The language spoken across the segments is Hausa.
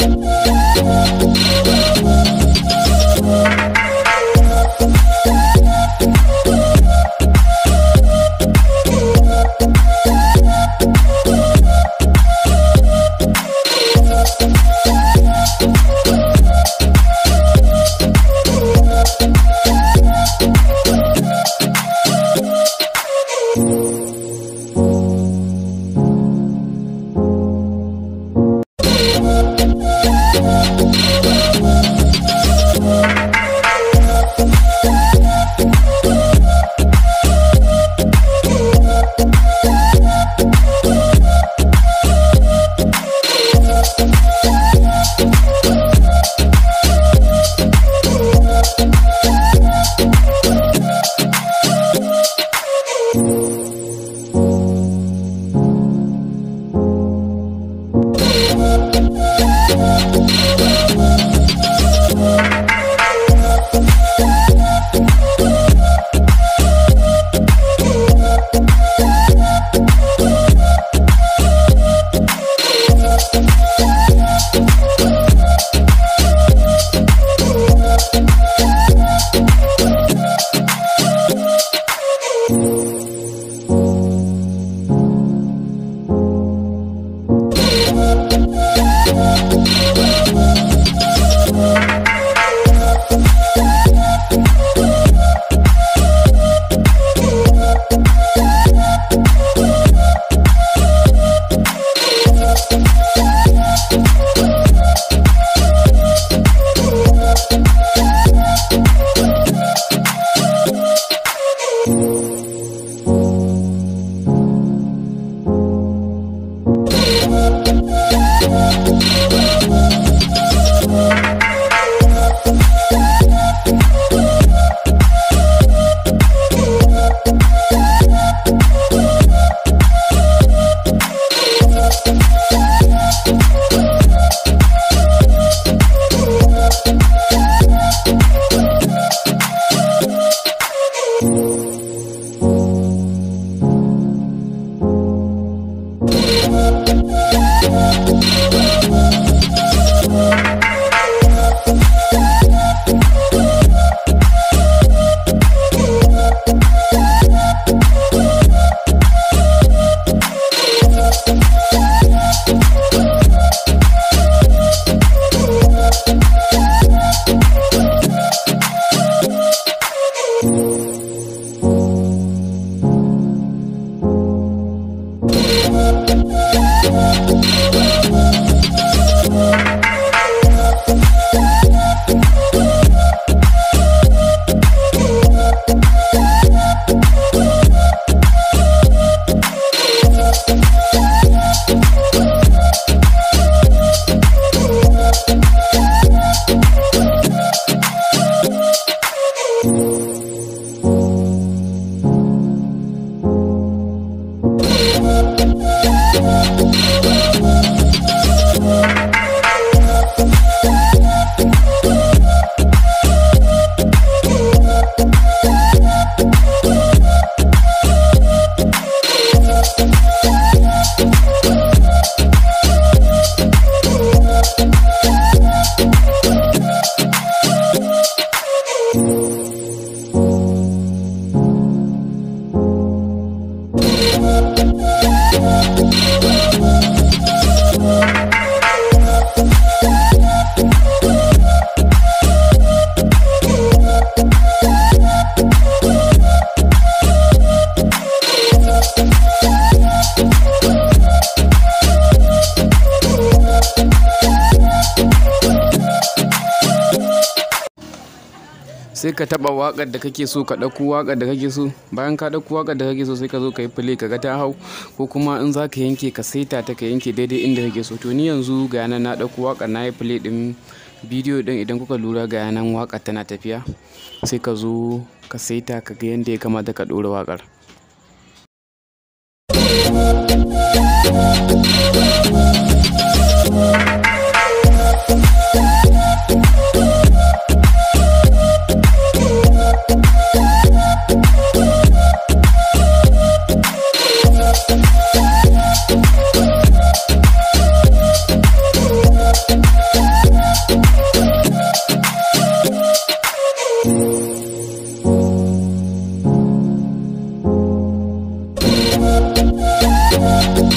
Thank Thank you. sai ka taba wakar da kake so ka ɗauko wakar da kake so bayan ka ɗauko wakar da kake so sai ka zo ka yi play ka ga ta hau ko kuma in za ka yanke ka saita ta ka yanke daidai inda kake so to ni yanzu ga nan na ɗauko wakar na yi play ɗin bidiyo din idan kuka lura ga nan wakar tana tafiya sai ka zo ka saita ka ga yadda ya kamata ka ɗora wakar. Thank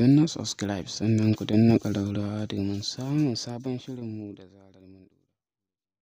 danna subscribe sannan ku danna ƙararrawa domin samun sabon shirinmu da zarar.